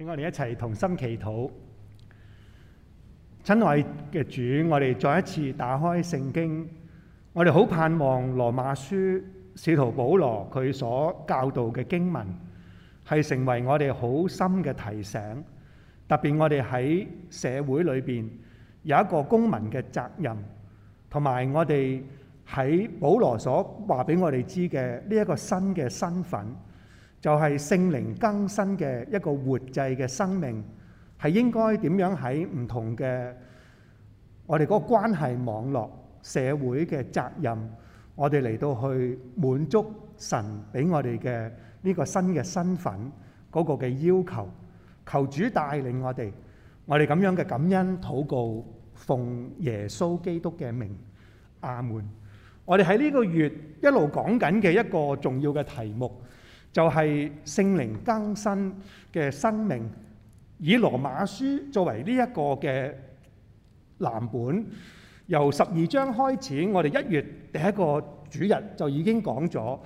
請我哋一齊同心祈禱，親愛嘅主，我哋再一次打開聖經，我哋好盼望羅馬書、使徒保羅佢所教導嘅經文，係成為我哋好深嘅提醒。特別我哋喺社會裏邊有一個公民嘅責任，同埋我哋喺保羅所話俾我哋知嘅呢一個新嘅身份。就係聖靈更新嘅一個活祭嘅生命，係應該點樣喺唔同嘅我哋嗰個關係網絡、社會嘅責任，我哋嚟到去滿足神俾我哋嘅呢個新嘅身份嗰個嘅要求。求主帶領我哋，我哋咁樣嘅感恩禱告，奉耶穌基督嘅名，阿門。我哋喺呢個月一路講緊嘅一個重要嘅題目，就係聖靈更新嘅生命，以羅馬書作為呢一個嘅藍本，由十二章開始，我哋一月第一個主日就已經講咗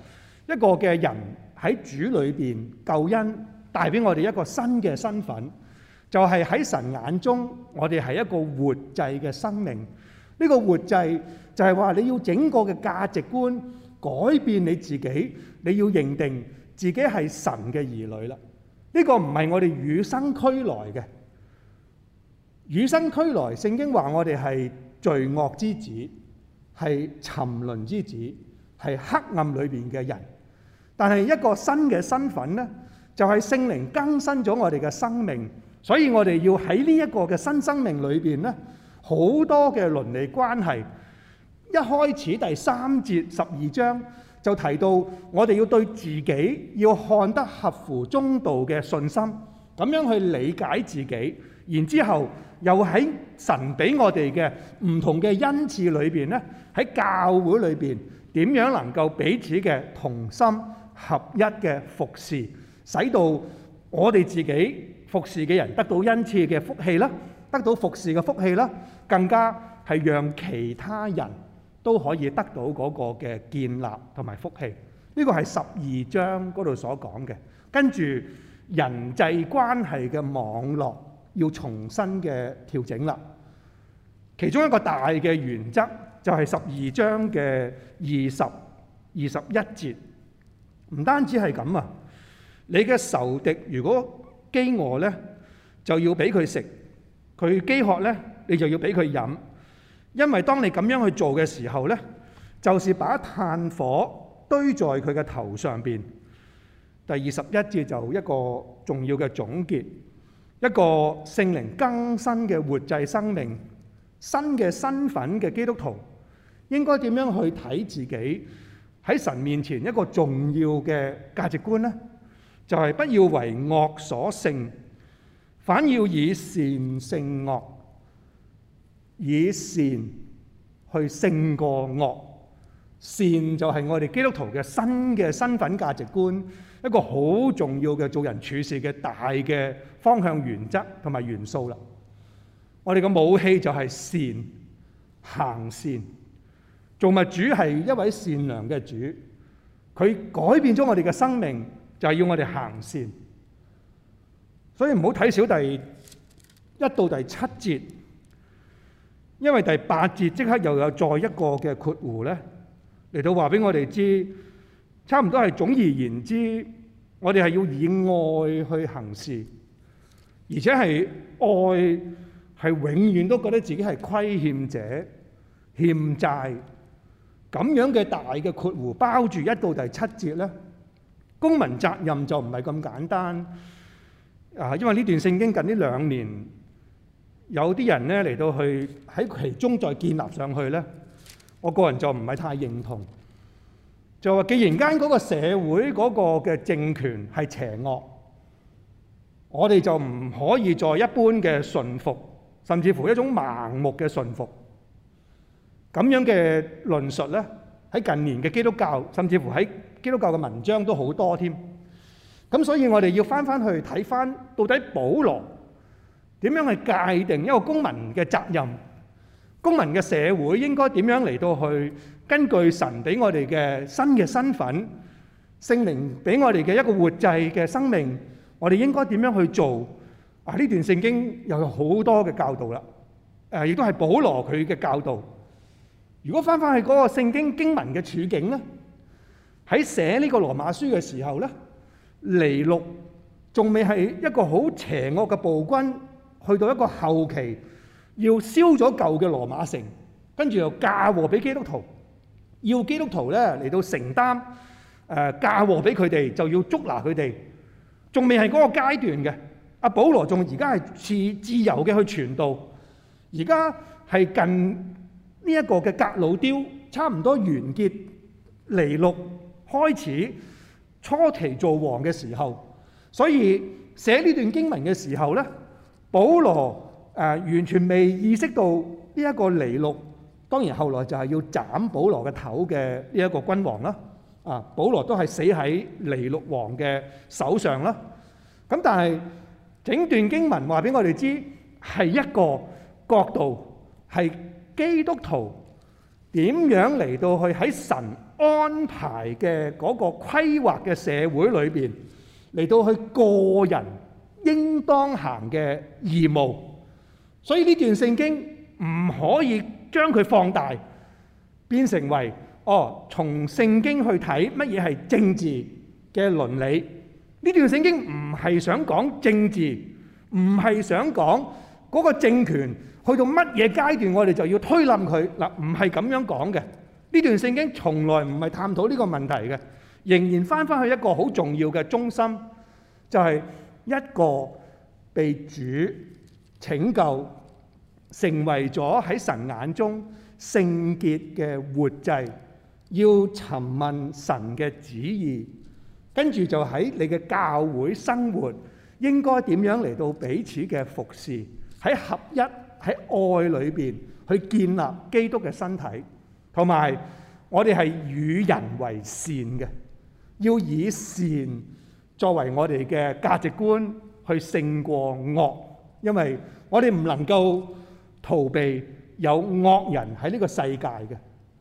一個嘅人喺主裏面，救恩，帶俾我哋一個新嘅身份，就係、是、喺神眼中，我哋係一個活祭嘅生命。呢、這個活祭就係話你要整個嘅價值觀改變你自己，你要認定。自己係神嘅兒女啦，呢個唔係我哋與生俱來嘅，與生俱來。聖經話我哋係罪惡之子，係沉淪之子，係黑暗裏邊嘅人。但係一個新嘅身份呢，就係聖靈更新咗我哋嘅生命，所以我哋要喺呢一個嘅新生命裏邊呢，好多嘅倫理關係。一開始第三節十二章。就提到我哋要對自己要看得合乎中道嘅信心，咁樣去理解自己，然之後又喺神俾我哋嘅唔同嘅恩賜裏邊咧，喺教會裏邊點樣能夠彼此嘅同心合一嘅服侍，使到我哋自己服侍嘅人得到恩賜嘅福氣啦，得到服侍嘅福氣啦，更加係讓其他人。都可以得到嗰個嘅建立同埋福氣，呢個係十二章嗰度所講嘅。跟住人際關係嘅網絡要重新嘅調整啦。其中一個大嘅原則就係十二章嘅二十、二十一節。唔單止係咁啊，你嘅仇敵如果飢餓呢，就要俾佢食；佢飢渴呢，你就要俾佢飲。因為當你咁樣去做嘅時候咧，就是把炭火堆在佢嘅頭上邊。第二十一節就一個重要嘅總結，一個聖靈更新嘅活祭生命、新嘅身份嘅基督徒，應該點樣去睇自己喺神面前一個重要嘅價值觀咧？就係不要為惡所勝，反要以善勝惡。以善去勝過惡，善就係我哋基督徒嘅新嘅身份價值觀，一個好重要嘅做人處事嘅大嘅方向原則同埋元素啦。我哋嘅武器就係善，行善。造物主係一位善良嘅主，佢改變咗我哋嘅生命，就係要我哋行善。所以唔好睇小第一到第七節。因為第八節即刻又有再一個嘅括弧咧，嚟到話俾我哋知，差唔多係總而言之，我哋係要以愛去行事，而且係愛係永遠都覺得自己係虧欠者、欠債咁樣嘅大嘅括弧包住一到第七節咧，公民責任就唔係咁簡單啊！因為呢段聖經近呢兩年。有啲人呢嚟到去喺其中再建立上去呢，我個人就唔係太認同。就話既然間嗰個社會嗰個嘅政權係邪惡，我哋就唔可以再一般嘅順服，甚至乎一種盲目嘅順服。咁樣嘅論述呢，喺近年嘅基督教，甚至乎喺基督教嘅文章都好多添。咁所以我哋要翻翻去睇翻，到底保羅。點樣去界定一個公民嘅責任？公民嘅社會應該點樣嚟到去？根據神俾我哋嘅新嘅身份，聖靈俾我哋嘅一個活祭嘅生命，我哋應該點樣去做？啊，呢段聖經又有好多嘅教導啦。誒，亦都係保羅佢嘅教導。如果翻翻去嗰個聖經經文嘅處境咧，喺寫呢個羅馬書嘅時候咧，尼祿仲未係一個好邪惡嘅暴君。去到一個後期，要燒咗舊嘅羅馬城，跟住又嫁禍俾基督徒，要基督徒咧嚟到承擔，誒、呃、嫁禍俾佢哋就要捉拿佢哋，仲未係嗰個階段嘅。阿保羅仲而家係自自由嘅去傳道，而家係近呢一個嘅革老丟差唔多完結，尼祿開始初期做王嘅時候，所以寫呢段經文嘅時候咧。保羅誒完全未意識到呢一個尼祿，當然後來就係要斬保羅嘅頭嘅呢一個君王啦。啊，保羅都係死喺尼祿王嘅手上啦。咁但係整段經文話俾我哋知，係一個角度係基督徒點樣嚟到去喺神安排嘅嗰個規劃嘅社會裏邊嚟到去個人應當行嘅義務，所以呢段聖經唔可以將佢放大，變成為哦從聖經去睇乜嘢係政治嘅倫理。呢段聖經唔係想講政治，唔係想講嗰個政權去到乜嘢階段，我哋就要推冧佢嗱，唔係咁樣講嘅。呢段聖經從來唔係探討呢個問題嘅，仍然翻返去一個好重要嘅中心，就係，一個被主拯救，成為咗喺神眼中聖潔嘅活祭，要詢問神嘅旨意，跟住就喺你嘅教會生活應該點樣嚟到彼此嘅服侍，喺合一喺愛裏邊去建立基督嘅身體，同埋我哋係與人為善嘅，要以善，作為我哋嘅價值觀去勝過惡，因為我哋唔能夠逃避有惡人喺呢個世界嘅。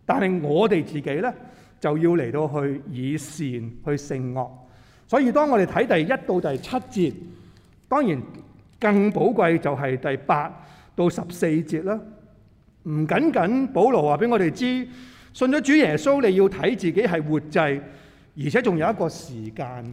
但係我哋自己呢，就要嚟到去以善去勝惡。所以當我哋睇第一到第七節，當然更寶貴就係第八到十四節啦。唔僅僅保羅話俾我哋知，信咗主耶穌，你要睇自己係活祭，而且仲有一個時間。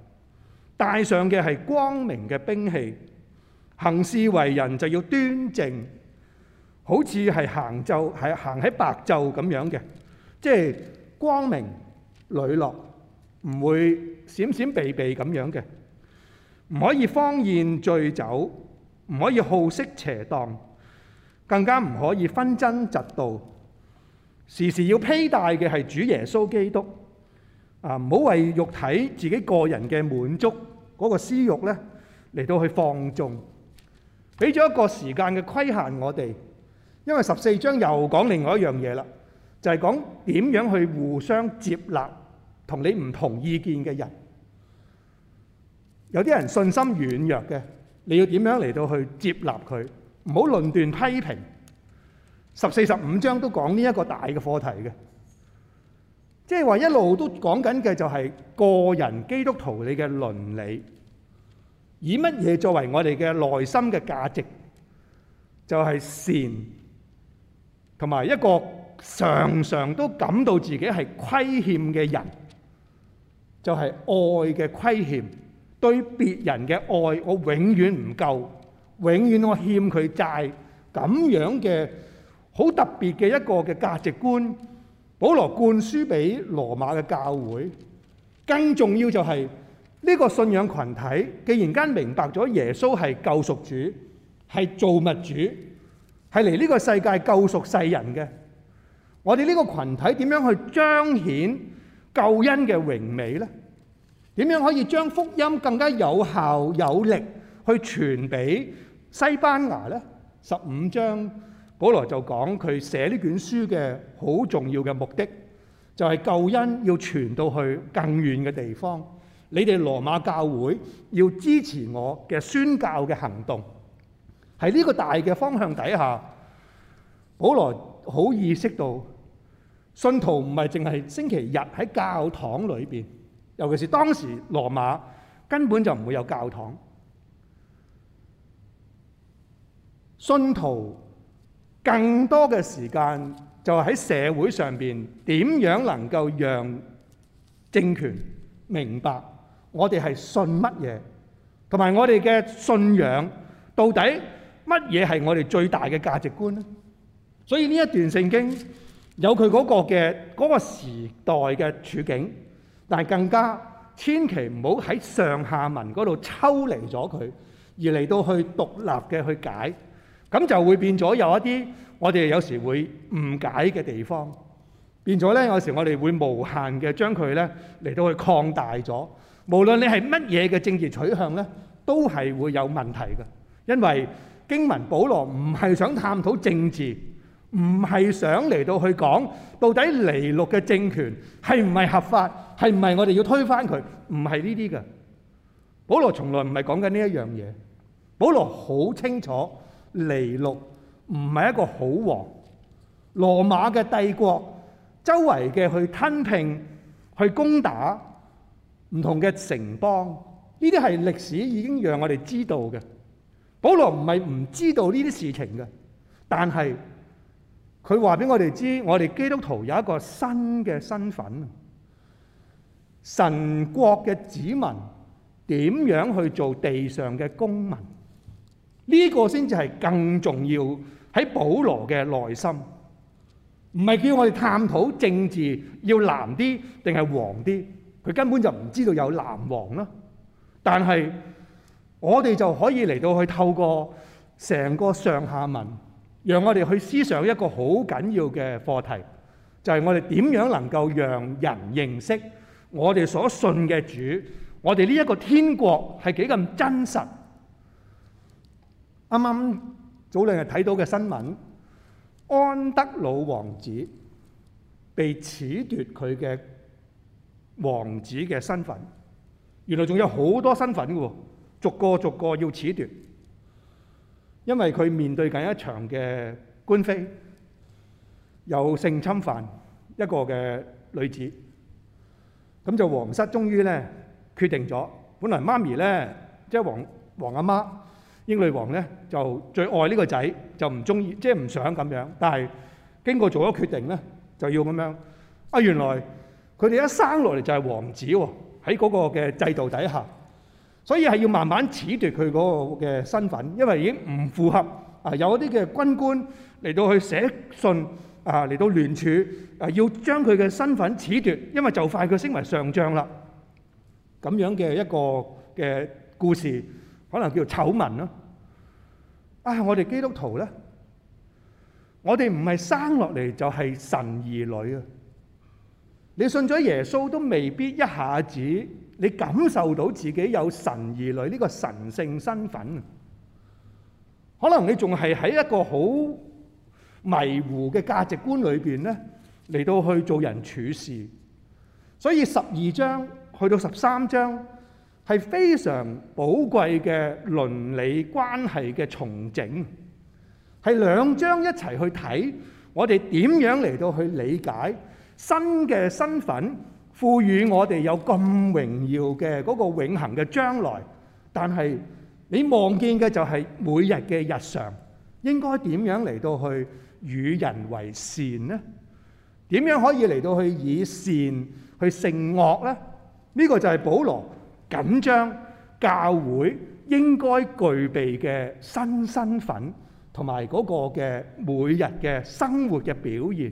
戴上嘅係光明嘅兵器，行事為人就要端正，好似係行就係行喺白晝咁樣嘅，即係光明磊落，唔會閃閃避避咁樣嘅，唔可以荒宴醉酒，唔可以好色邪蕩，更加唔可以紛爭嫉妒。時時要披戴嘅係主耶穌基督，啊，唔好為肉體自己個人嘅滿足。嗰個私欲呢，嚟到去放縱，俾咗一個時間嘅規限我哋。因為十四章又講另外一樣嘢啦，就係講點樣去互相接納同你唔同意見嘅人。有啲人信心軟弱嘅，你要點樣嚟到去接納佢？唔好論斷批評。十四、十五章都講呢一個大嘅課題嘅。即係話一路都講緊嘅就係個人基督徒你嘅倫理，以乜嘢作為我哋嘅內心嘅價值？就係善，同埋一個常常都感到自己係虧欠嘅人，就係愛嘅虧欠，對別人嘅愛我永遠唔夠，永遠我欠佢債，咁樣嘅好特別嘅一個嘅價值觀。保羅灌輸俾羅馬嘅教會，更重要就係呢個信仰群體，既然間明白咗耶穌係救贖主，係造物主，係嚟呢個世界救贖世人嘅，我哋呢個群體點樣去彰顯救恩嘅榮美呢？點樣可以將福音更加有效有力去傳俾西班牙呢？十五章。保羅就講佢寫呢卷書嘅好重要嘅目的，就係救恩要傳到去更遠嘅地方。你哋羅馬教會要支持我嘅宣教嘅行動，喺呢個大嘅方向底下，保羅好意識到信徒唔係淨係星期日喺教堂裏邊，尤其是當時羅馬根本就唔會有教堂，信徒。更多嘅時間就係喺社會上邊點樣能夠讓政權明白我哋係信乜嘢，同埋我哋嘅信仰到底乜嘢係我哋最大嘅價值觀呢？所以呢一段聖經有佢嗰個嘅嗰個時代嘅處境，但係更加千祈唔好喺上下文嗰度抽離咗佢，而嚟到去獨立嘅去解。咁就會變咗有一啲我哋有時會誤解嘅地方，變咗呢有時我哋會無限嘅將佢呢嚟到去擴大咗。無論你係乜嘢嘅政治取向呢，都係會有問題嘅，因為經文保羅唔係想探討政治，唔係想嚟到去講到底尼祿嘅政權係唔係合法，係唔係我哋要推翻佢，唔係呢啲嘅。保羅從來唔係講緊呢一樣嘢，保羅好清楚。尼祿唔係一個好王，羅馬嘅帝國周圍嘅去吞併、去攻打唔同嘅城邦，呢啲係歷史已經讓我哋知道嘅。保羅唔係唔知道呢啲事情嘅，但係佢話俾我哋知，我哋基督徒有一個新嘅身份，神國嘅子民點樣去做地上嘅公民？呢個先至係更重要，喺保羅嘅內心，唔係叫我哋探討政治要藍啲定係黃啲，佢根本就唔知道有藍黃咯。但係我哋就可以嚟到去透過成個上下文，讓我哋去思想一個好緊要嘅課題，就係我哋點樣能夠讓人認識我哋所信嘅主，我哋呢一個天國係幾咁真實。啱啱早兩日睇到嘅新聞，安德魯王子被褫奪佢嘅王子嘅身份，原來仲有好多身份嘅喎，逐個逐個要褫奪，因為佢面對緊一場嘅官非，有性侵犯一個嘅女子，咁就皇室終於咧決定咗，本來媽咪咧即係皇皇阿媽。英女王咧就最愛呢個仔，就唔中意，即係唔想咁樣。但係經過做咗決定咧，就要咁樣。啊，原來佢哋一生落嚟就係王子喎，喺嗰個嘅制度底下，所以係要慢慢褫奪佢嗰個嘅身份，因為已經唔符合啊。有一啲嘅軍官嚟到去寫信啊，嚟到聯署啊，要將佢嘅身份褫奪，因為就快佢升為上將啦。咁樣嘅一個嘅故事，可能叫醜聞咯。啊、哎！我哋基督徒呢，我哋唔係生落嚟就係神兒女啊！你信咗耶穌都未必一下子你感受到自己有神兒女呢個神聖身份，可能你仲係喺一個好迷糊嘅價值觀裏邊呢嚟到去做人處事，所以十二章去到十三章。係非常寶貴嘅倫理關係嘅重整，係兩章一齊去睇，我哋點樣嚟到去理解新嘅身份賦予我哋有咁榮耀嘅嗰個永恒嘅將來？但係你望見嘅就係每日嘅日常，應該點樣嚟到去與人為善呢？點樣可以嚟到去以善去勝惡呢？呢個就係保羅。緊張，教會應該具備嘅新身份同埋嗰個嘅每日嘅生活嘅表現，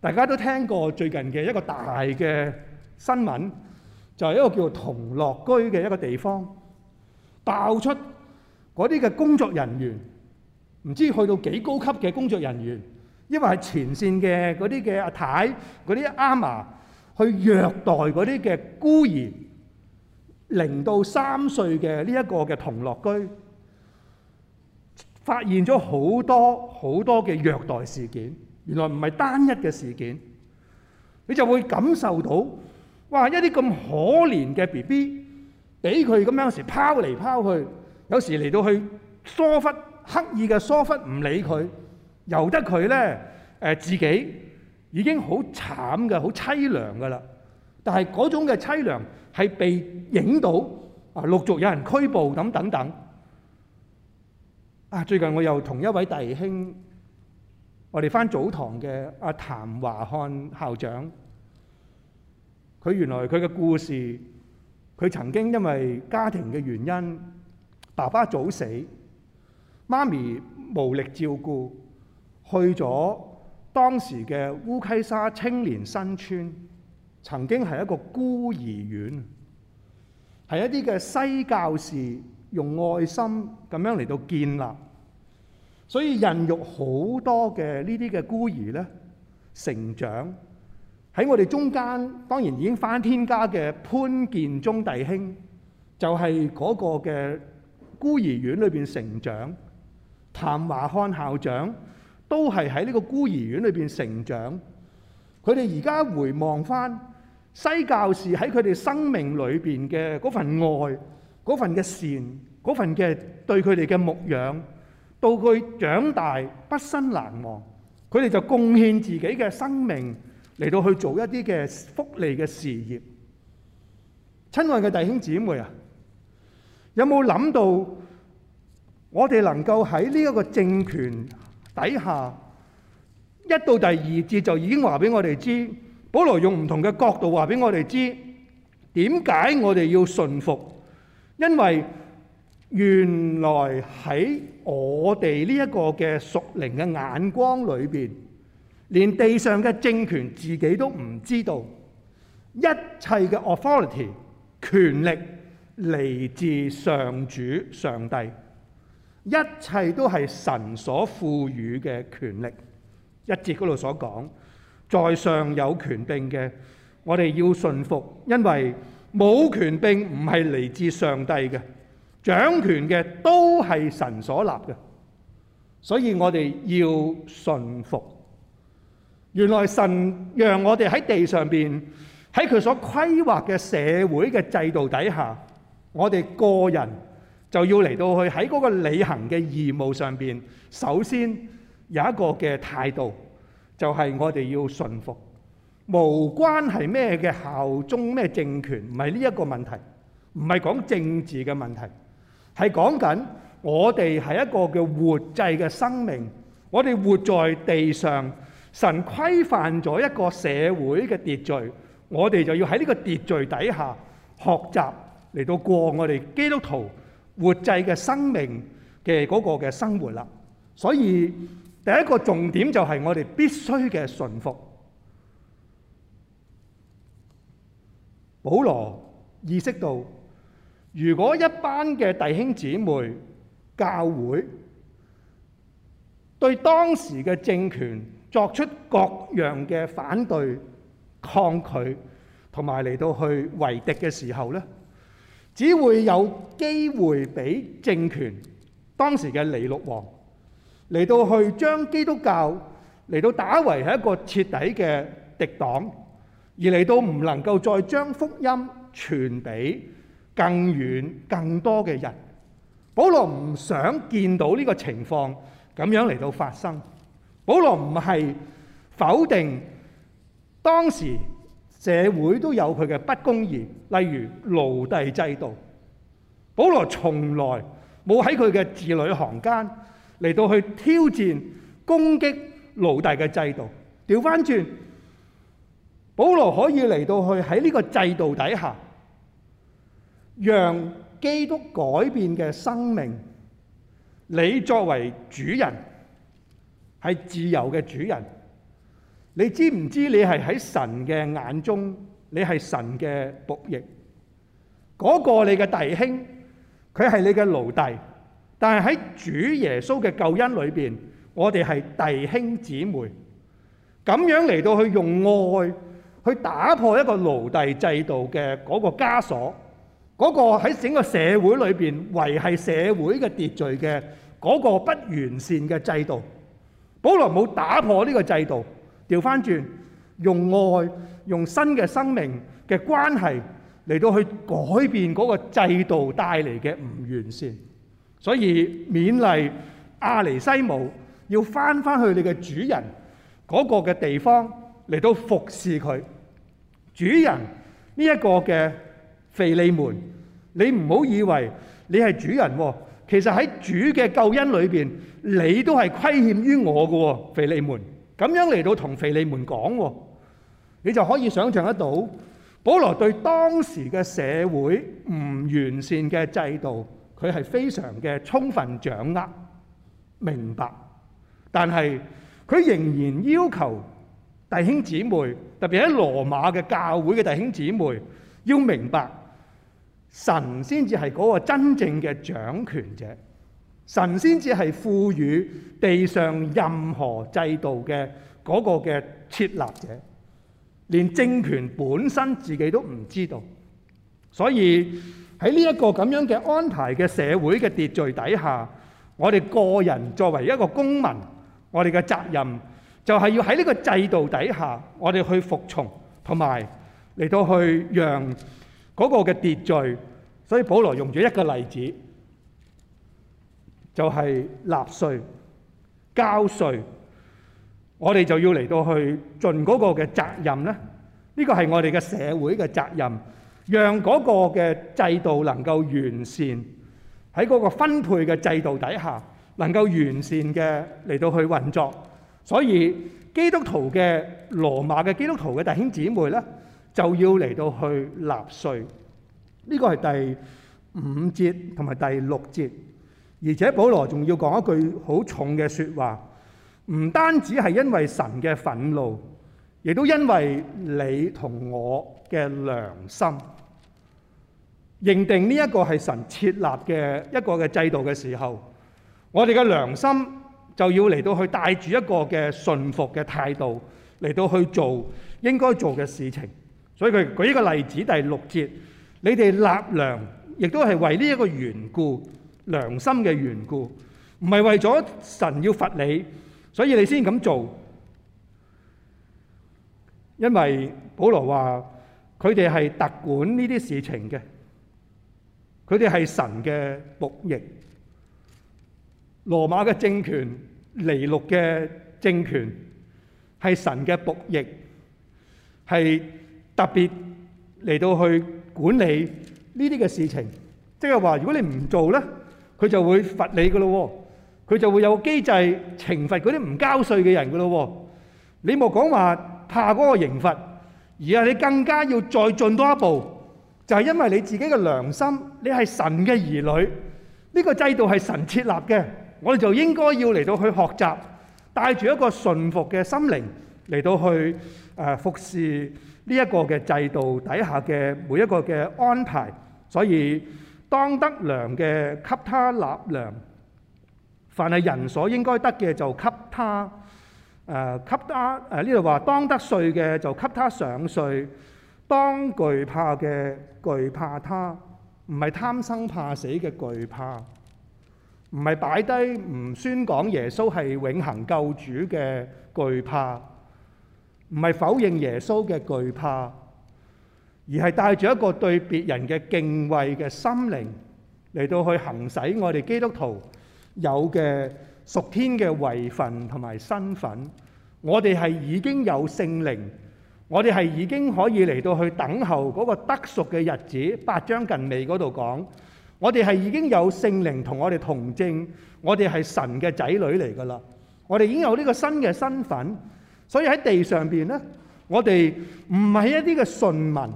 大家都聽過最近嘅一個大嘅新聞，就係一個叫同樂居嘅一個地方爆出嗰啲嘅工作人員，唔知去到幾高級嘅工作人員，因為係前線嘅嗰啲嘅阿太嗰啲阿嫲去虐待嗰啲嘅孤兒。零到三歲嘅呢一個嘅同樂居，發現咗好多好多嘅虐待事件。原來唔係單一嘅事件，你就會感受到，哇！一啲咁可憐嘅 BB，俾佢咁樣時拋嚟拋去，有時嚟到去疏忽，刻意嘅疏忽唔理佢，由得佢咧，誒自己已經好慘嘅，好淒涼㗎啦。但係嗰種嘅淒涼。係被影到啊，陸續有人拘捕咁等等。啊，最近我又同一位弟兄，我哋翻早堂嘅阿譚華漢校長，佢原來佢嘅故事，佢曾經因為家庭嘅原因，爸爸早死，媽咪無力照顧，去咗當時嘅烏溪沙青年新村。曾經係一個孤兒院，係一啲嘅西教士用愛心咁樣嚟到建立，所以孕育好多嘅呢啲嘅孤兒咧成長喺我哋中間。當然已經返天家嘅潘建宗弟兄就係、是、嗰個嘅孤兒院裏邊成長，譚華漢校長都係喺呢個孤兒院裏邊成長。佢哋而家回望返，西教士喺佢哋生命裏邊嘅嗰份愛、嗰份嘅善、嗰份嘅對佢哋嘅牧養，到佢長大畢生難忘，佢哋就貢獻自己嘅生命嚟到去做一啲嘅福利嘅事業。親愛嘅弟兄姊妹啊，有冇諗到我哋能夠喺呢一個政權底下，一到第二節就已經話俾我哋知？保羅用唔同嘅角度話俾我哋知點解我哋要順服，因為原來喺我哋呢一個嘅屬靈嘅眼光裏面，連地上嘅政權自己都唔知道，一切嘅 authority 權力嚟自上主上帝，一切都係神所賦予嘅權力。一節嗰度所講。在上有權柄嘅，我哋要順服，因為冇權柄唔係嚟自上帝嘅，掌權嘅都係神所立嘅，所以我哋要順服。原來神讓我哋喺地上邊，喺佢所規劃嘅社會嘅制度底下，我哋個人就要嚟到去喺嗰個履行嘅義務上邊，首先有一個嘅態度。就係我哋要順服，無關係咩嘅效忠咩政權，唔係呢一個問題，唔係講政治嘅問題，係講緊我哋係一個叫活祭嘅生命，我哋活在地上，神規範咗一個社會嘅秩序，我哋就要喺呢個秩序底下學習嚟到過我哋基督徒活祭嘅生命嘅嗰個嘅生活啦，所以。第一個重點就係我哋必須嘅順服。保羅意識到，如果一班嘅弟兄姊妹、教會對當時嘅政權作出各樣嘅反對、抗拒同埋嚟到去為敵嘅時候咧，只會有機會俾政權當時嘅尼祿王。嚟到去將基督教嚟到打為係一個徹底嘅敵黨，而嚟到唔能夠再將福音傳俾更遠更多嘅人。保羅唔想見到呢個情況咁樣嚟到發生。保羅唔係否定當時社會都有佢嘅不公義，例如奴隸制度。保羅從來冇喺佢嘅字裏行間。嚟到去挑戰攻擊奴隸嘅制度，調翻轉，保羅可以嚟到去喺呢個制度底下，讓基督改變嘅生命，你作為主人係自由嘅主人，你知唔知道你係喺神嘅眼中，你係神嘅僕役，嗰、那個你嘅弟兄，佢係你嘅奴隸。但係喺主耶穌嘅救恩裏邊，我哋係弟兄姊妹，咁樣嚟到去用愛去打破一個奴隸制度嘅嗰個枷鎖，嗰個喺整個社會裏邊維繫社會嘅秩序嘅嗰個不完善嘅制度，保羅冇打破呢個制度，調翻轉，用愛，用新嘅生命嘅關係嚟到去改變嗰個制度帶嚟嘅唔完善。所以勉勵阿尼西姆要翻翻去你嘅主人嗰個嘅地方嚟到服侍佢主人呢一個嘅腓利門，你唔好以為你係主人喎，其實喺主嘅救恩裏邊，你都係虧欠於我嘅腓利門，咁樣嚟到同腓利門講喎，你就可以想象得到，保羅對當時嘅社會唔完善嘅制度。佢係非常嘅充分掌握，明白，但係佢仍然要求弟兄姊妹，特別喺羅馬嘅教會嘅弟兄姊妹，要明白神先至係嗰個真正嘅掌權者，神先至係賦予地上任何制度嘅嗰個嘅設立者，連政權本身自己都唔知道，所以。喺呢一個咁樣嘅安排嘅社會嘅秩序底下，我哋個人作為一個公民，我哋嘅責任就係要喺呢個制度底下，我哋去服從同埋嚟到去讓嗰個嘅秩序。所以保羅用咗一個例子，就係納稅、交稅，我哋就要嚟到去盡嗰個嘅責任咧。呢個係我哋嘅社會嘅責任。讓嗰個嘅制度能夠完善，喺嗰個分配嘅制度底下，能夠完善嘅嚟到去運作。所以基督徒嘅羅馬嘅基督徒嘅弟兄姊妹呢，就要嚟到去納稅。呢個係第五節同埋第六節，而且保羅仲要講一句好重嘅說話，唔單止係因為神嘅憤怒，亦都因為你同我。嘅良心認定呢一個係神設立嘅一個嘅制度嘅時候，我哋嘅良心就要嚟到去帶住一個嘅信服嘅態度嚟到去做應該做嘅事情。所以佢舉一個例子，第六節，你哋納糧亦都係為呢一個緣故，良心嘅緣故，唔係為咗神要罰你，所以你先咁做。因為保羅話。佢哋係特管呢啲事情嘅，佢哋係神嘅僕役。羅馬嘅政權、尼祿嘅政權係神嘅僕役，係特別嚟到去管理呢啲嘅事情。即係話，如果你唔做咧，佢就會罰你噶咯喎，佢就會有機制懲罰嗰啲唔交稅嘅人噶咯喎。你莫講話怕嗰個刑罰。而係你更加要再進多一步，就係因為你自己嘅良心，你係神嘅兒女，呢個制度係神設立嘅，我哋就應該要嚟到去學習，帶住一個順服嘅心靈嚟到去誒服侍呢一個嘅制度底下嘅每一個嘅安排。所以當得糧嘅給他納糧，凡係人所應該得嘅就給他。誒給他誒呢度話，當得稅嘅就給他上稅；當懼怕嘅懼怕他，唔係貪生怕死嘅懼怕，唔係擺低唔宣講耶穌係永恆救主嘅懼怕，唔係否認耶穌嘅懼怕，而係帶住一個對別人嘅敬畏嘅心靈嚟到去行使我哋基督徒有嘅屬天嘅位份同埋身份，我哋係已經有聖靈，我哋係已經可以嚟到去等候嗰個得贖嘅日子。八章近尾嗰度講，我哋係已經有聖靈我同我哋同證，我哋係神嘅仔女嚟噶啦，我哋已經有呢個新嘅身份，所以喺地上邊呢，我哋唔係一啲嘅順民，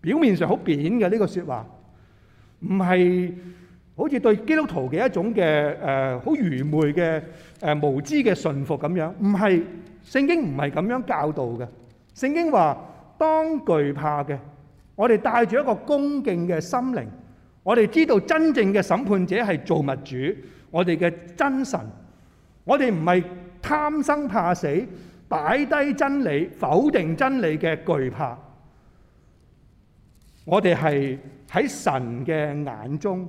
表面上好扁嘅呢個説話，唔係。好似對基督徒嘅一種嘅好、呃、愚昧嘅誒、呃、無知嘅順服咁樣，唔係，聖經唔係咁樣教導嘅。聖經話當懼怕嘅，我哋帶住一個恭敬嘅心靈，我哋知道真正嘅審判者係造物主，我哋嘅真神，我哋唔係貪生怕死，擺低真理否定真理嘅懼怕，我哋係喺神嘅眼中。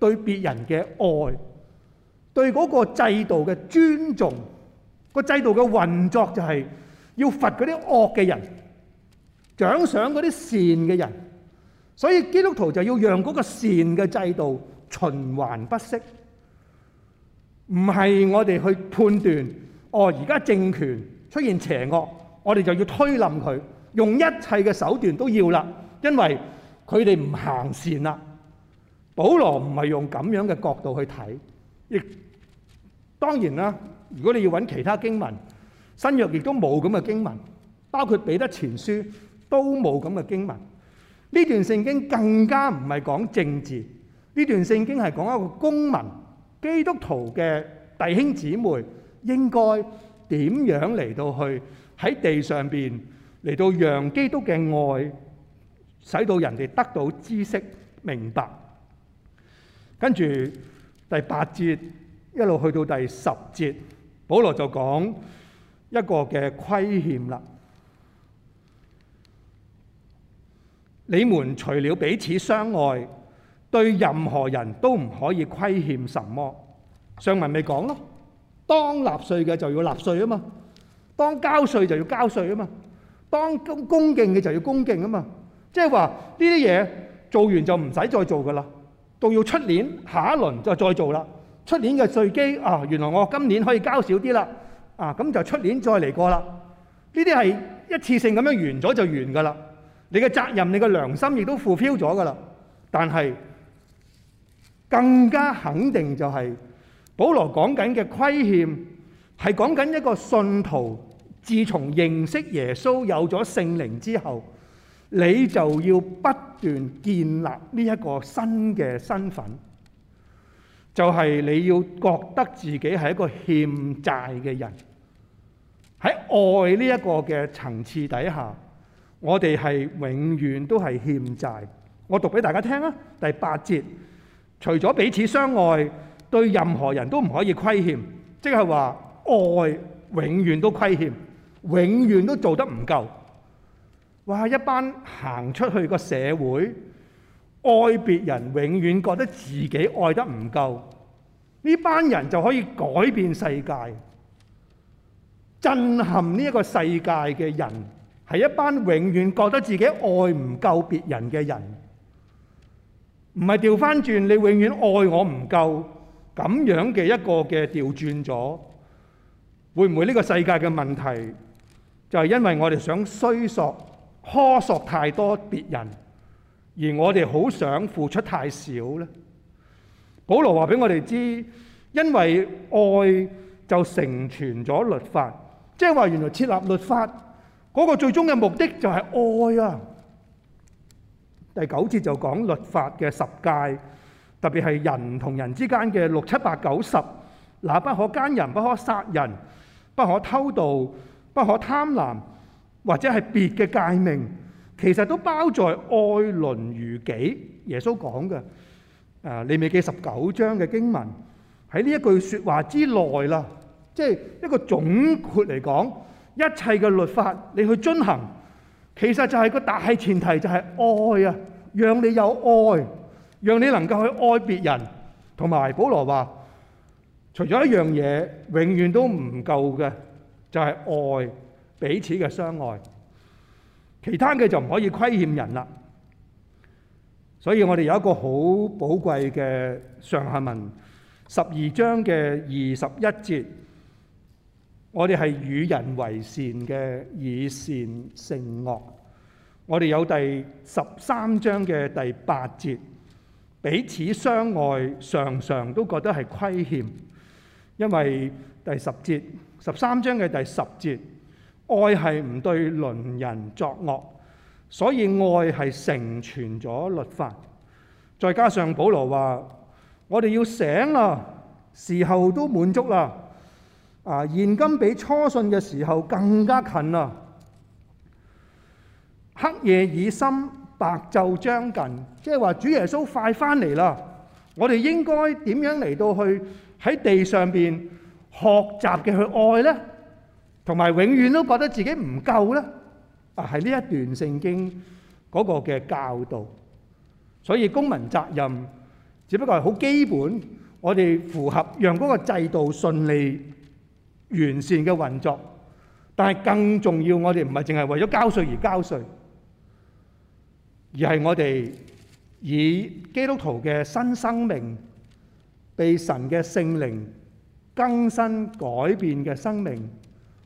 對別人嘅愛，對嗰個制度嘅尊重，個制度嘅運作就係要罰嗰啲惡嘅人，獎賞嗰啲善嘅人。所以基督徒就要讓嗰個善嘅制度循環不息。唔係我哋去判斷，哦而家政權出現邪惡，我哋就要推冧佢，用一切嘅手段都要啦，因為佢哋唔行善啦。保羅唔係用咁樣嘅角度去睇，亦當然啦。如果你要揾其他經文，新約亦都冇咁嘅經文，包括彼得前書都冇咁嘅經文。呢段聖經更加唔係講政治，呢段聖經係講一個公民基督徒嘅弟兄姊妹應該點樣嚟到去喺地上邊嚟到讓基督嘅愛使到人哋得到知識明白。跟住第八節一路去到第十節，保羅就講一個嘅虧欠啦。你們除了彼此相愛，對任何人都唔可以虧欠什麼。上文咪講咯，當納稅嘅就要納稅啊嘛，當交稅就要交稅啊嘛，當恭敬嘅就要恭敬啊嘛。即係話呢啲嘢做完就唔使再做噶啦。到要出年下一輪就再做啦。出年嘅稅基啊，原來我今年可以交少啲啦。啊，咁就出年再嚟過啦。呢啲係一次性咁樣完咗就完噶啦。你嘅責任、你嘅良心亦都 fulfill 咗噶啦。但係更加肯定就係、是，保羅講緊嘅虧欠係講緊一個信徒，自從認識耶穌有咗聖靈之後。你就要不斷建立呢一個新嘅身份，就係你要覺得自己係一個欠債嘅人。喺愛呢一個嘅層次底下，我哋係永遠都係欠債。我讀俾大家聽啊，第八節，除咗彼此相愛，對任何人都唔可以虧欠，即係話愛永遠都虧欠，永遠都做得唔夠。哇！一班行出去個社會，愛別人永遠覺得自己愛得唔夠，呢班人就可以改變世界，震撼呢一個世界嘅人係一班永遠覺得自己愛唔夠別人嘅人，唔係調返轉，你永遠愛我唔夠咁樣嘅一個嘅調轉咗，會唔會呢個世界嘅問題就係因為我哋想衰索？苛索太多別人，而我哋好想付出太少呢。保羅話俾我哋知，因為愛就成全咗律法，即係話原來設立律法嗰、那個最終嘅目的就係愛啊。第九節就講律法嘅十戒，特別係人同人之間嘅六七八、九十，嗱不可奸人，不可殺人，不可偷盜，不可貪婪。或者係別嘅誡命，其實都包在愛鄰如己。耶穌講嘅，誒，利未記十九章嘅經文，喺呢一句説話之內啦。即係一個總括嚟講，一切嘅律法你去遵行，其實就係個大前提，就係愛啊！讓你有愛，讓你能夠去愛別人。同埋，保羅話：除咗一樣嘢，永遠都唔夠嘅，就係愛。彼此嘅相愛，其他嘅就唔可以虧欠人啦。所以我哋有一個好寶貴嘅上下文，十二章嘅二十一節，我哋係與人為善嘅，以善勝惡。我哋有第十三章嘅第八節，彼此相愛，常常都覺得係虧欠，因為第十節、十三章嘅第十節。愛係唔對鄰人作惡，所以愛係成全咗律法。再加上保羅話：我哋要醒啦，時候都滿足啦。啊，現今比初信嘅時候更加近啦。黑夜已深，白晝將近，即係話主耶穌快返嚟啦！我哋應該點樣嚟到去喺地上邊學習嘅去愛呢？」同埋，永遠都覺得自己唔夠咧。啊，係呢一段聖經嗰個嘅教導，所以公民責任只不過係好基本，我哋符合讓嗰個制度順利完善嘅運作。但係更重要，我哋唔係淨係為咗交稅而交稅，而係我哋以基督徒嘅新生命被神嘅聖靈更新改變嘅生命。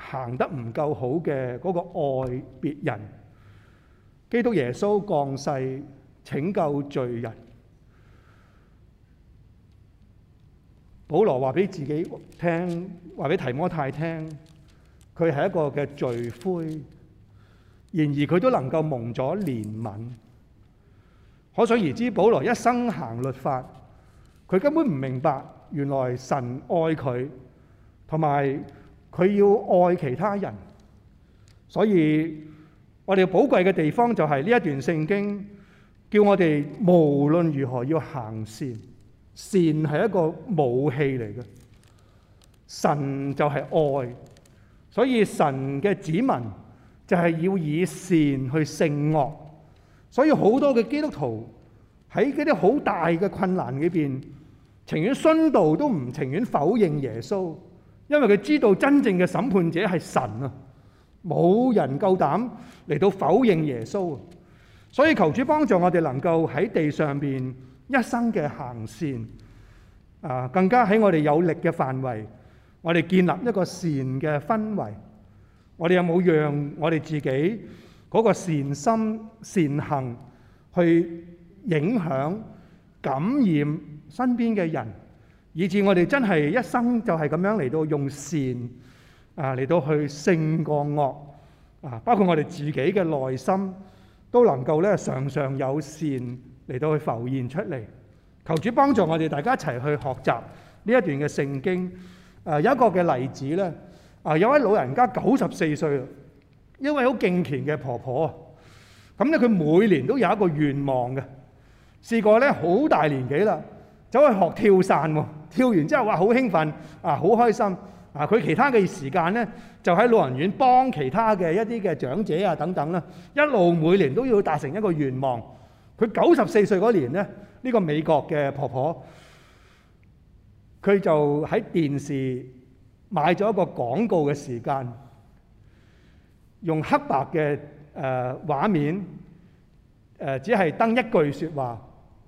行得唔夠好嘅嗰個愛別人，基督耶穌降世拯救罪人。保羅話俾自己聽，話俾提摩太聽，佢係一個嘅罪魁，然而佢都能夠蒙咗憐憫。可想而知，保羅一生行律法，佢根本唔明白，原來神愛佢，同埋。佢要愛其他人，所以我哋寶貴嘅地方就係呢一段聖經，叫我哋無論如何要行善，善係一個武器嚟嘅，神就係愛，所以神嘅旨意就係要以善去勝惡，所以好多嘅基督徒喺嗰啲好大嘅困難裏邊，情願殉道都唔情願否認耶穌。因為佢知道真正嘅審判者係神啊，冇人夠膽嚟到否認耶穌啊，所以求主幫助我哋能夠喺地上面一生嘅行善啊，更加喺我哋有力嘅範圍，我哋建立一個善嘅氛圍。我哋有冇讓我哋自己嗰個善心善行去影響感染身邊嘅人？以至我哋真係一生就係咁樣嚟到用善啊嚟到去勝過惡啊，包括我哋自己嘅內心都能夠咧常常有善嚟到去浮現出嚟。求主幫助我哋，大家一齊去學習呢一段嘅聖經。啊，有一個嘅例子咧，啊有一位老人家九十四歲，一位好敬虔嘅婆婆咁咧佢每年都有一個願望嘅，試過咧好大年紀啦。走去學跳傘喎，跳完之後話好興奮，啊好開心，啊佢其他嘅時間咧就喺老人院幫其他嘅一啲嘅長者啊等等啦，一路每年都要達成一個願望。佢九十四歲嗰年咧，呢個美國嘅婆婆，佢就喺電視買咗一個廣告嘅時間，用黑白嘅誒畫面，誒只係登一句説話，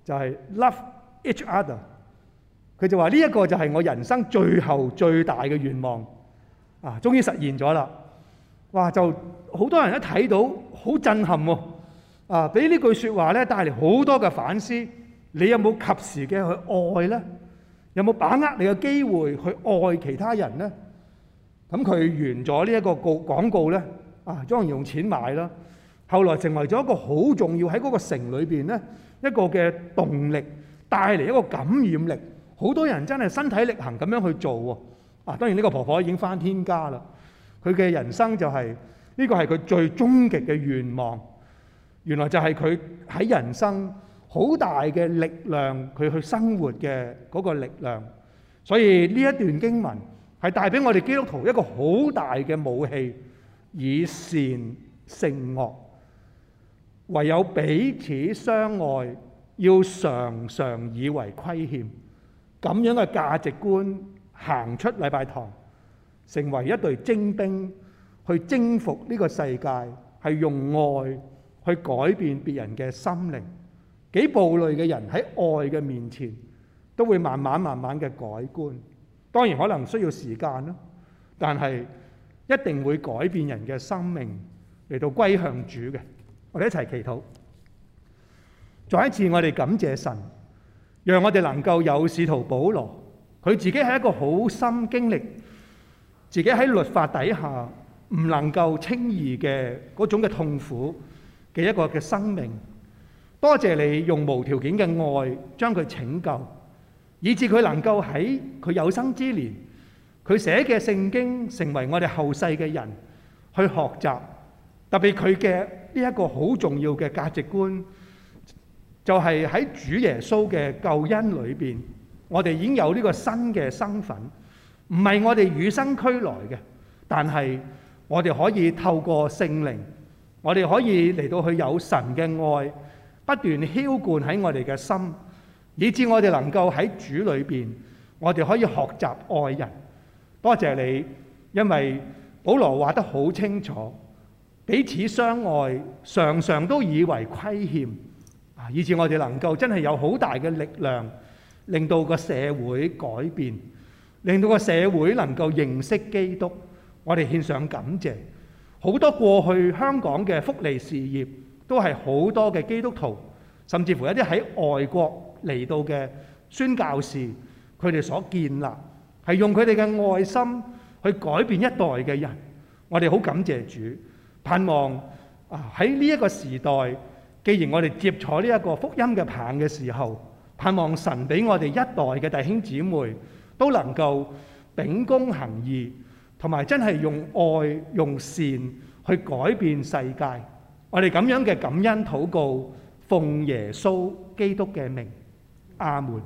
就係 Love。H.R. 佢就話呢一個就係我人生最後最大嘅願望，啊，終於實現咗啦！哇，就好多人一睇到好震撼喎，哦，啊，俾呢句說話咧帶嚟好多嘅反思。你有冇及時嘅去愛呢？有冇把握你嘅機會去愛其他人呢？咁佢完咗呢一個告廣告呢，啊，有人用錢買啦。後來成為咗一個好重要喺嗰個城裏邊呢一個嘅動力。帶嚟一個感染力，好多人真係身體力行咁樣去做喎。啊，當然呢個婆婆已經返天家啦，佢嘅人生就係呢個係佢最終極嘅願望。原來就係佢喺人生好大嘅力量，佢去生活嘅嗰個力量。所以呢一段經文係帶俾我哋基督徒一個好大嘅武器，以善勝惡，唯有彼此相愛。要常常以為虧欠，咁樣嘅價值觀行出禮拜堂，成為一隊精兵，去征服呢個世界，係用愛去改變別人嘅心靈。幾暴戾嘅人喺愛嘅面前，都會慢慢慢慢嘅改觀。當然可能需要時間啦，但係一定會改變人嘅生命，嚟到歸向主嘅。我哋一齊祈禱。再一次，我哋感謝神，讓我哋能夠有使徒保羅。佢自己係一個好深經歷，自己喺律法底下唔能夠輕易嘅嗰種嘅痛苦嘅一個嘅生命。多謝你用無條件嘅愛將佢拯救，以致佢能夠喺佢有生之年，佢寫嘅聖經成為我哋後世嘅人去學習。特別佢嘅呢一個好重要嘅價值觀。就係喺主耶穌嘅救恩裏面，我哋已經有呢個新嘅身份，唔係我哋與生俱來嘅。但係我哋可以透過聖靈，我哋可以嚟到去有神嘅愛不斷澆灌喺我哋嘅心，以至我哋能夠喺主裏面。我哋可以學習愛人。多謝你，因為保羅話得好清楚，彼此相愛，常常都以為虧欠。以前我哋能夠真係有好大嘅力量，令到個社會改變，令到個社會能夠認識基督，我哋獻上感謝。好多過去香港嘅福利事業，都係好多嘅基督徒，甚至乎一啲喺外國嚟到嘅宣教士，佢哋所建立，係用佢哋嘅愛心去改變一代嘅人。我哋好感謝主，盼望啊喺呢一個時代。既然我哋接取呢一個福音嘅棒嘅時候，盼望神俾我哋一代嘅弟兄姊妹都能夠秉公行義，同埋真係用愛用善去改變世界。我哋咁樣嘅感恩禱告，奉耶穌基督嘅名，阿門。